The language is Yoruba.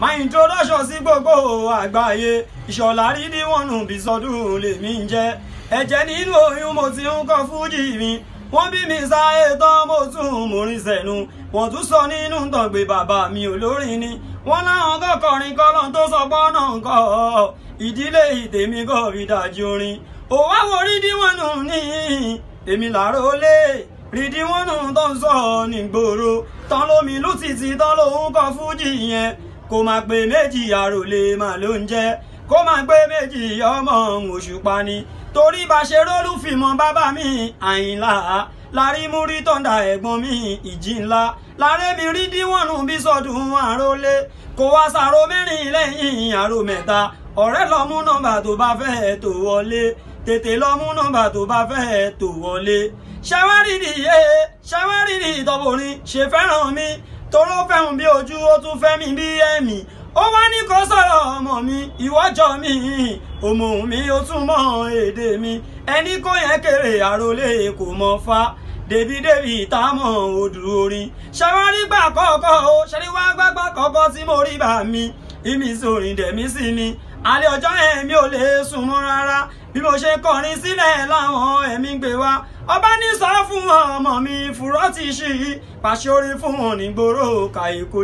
my introduction sí gbogbo àgbáyé ìṣọ̀lá rí díwọ̀nù bísọdún lèmi ń jẹ́ ẹ̀jẹ̀ nínú oyún mo ti ń kọ́ fújì mi wọ́n bí mi sáyé tán mo tún mórin sẹ́nu wọ́n tún sọ nínú tọ̀gbẹ̀ bàbá mi olórin ni wọ́n láwọn kọ́kọrin kọ́lọ́n tó sọ gbọ́nà ńkọ́ ìdílé ìtèmi kọ́ rí dájú orin òwá wo rí díwọ̀nù ní èmi làárọ̀ lé rídíwọ̀nù tó ń sọ nígboro tán lómi lùtìtì tán lòun kọ́ fújì yẹn kó máa pé méjì àròlé màá ló ń jẹ́ kó máa pé méjì ọmọ òṣùpá ni torí bá ṣe rólùfìmọ̀ bàbá mi àyìnlá lárí mú rí tọ́ndà ẹ̀gbọ́n mi ìjì ńlá lárẹ́ mi rí díwọ̀nù bí sọdún àrólé kò wá sàrò mẹ́rin lẹ́yìn àrò mẹ́ta ọ̀rẹ́ lọ nọ́mbà tó bá fẹ́ tó wọlé tètè lọ nọ́mbà tó bá fẹ́ tó wọlé ṣàwárìrì ẹ ṣàwárìrì ṣe fẹ́ràn mi toró fẹ́hùn bí ojú ó tún fẹ́ mi bí ẹ̀mí ó wá ní kó sọ̀rọ̀ ọmọ mi ìwọ́jọ́ mi òmùhùn mi ó tún mọ èdè mi ẹni kó yẹn kéré àròlé kò mọ fa dèbídèbí ìtàmọ̀ odù orin ṣàwárí gbà kọ́kọ́ o ṣàríwá gbàgbà kọ́kọ́ tí mo rí bà mí ìmísí orin dẹ̀mí sí mi alẹ́ ọjọ́ yẹn mi ò lè sùn mọ́ rárá bí mo ṣe kọrin sílẹ̀ láwọn gbé wá ọba ní sá fún ọmọ mi fùrọ́ ti ṣí pàṣẹ orí fún wọn nígboro kàyí kó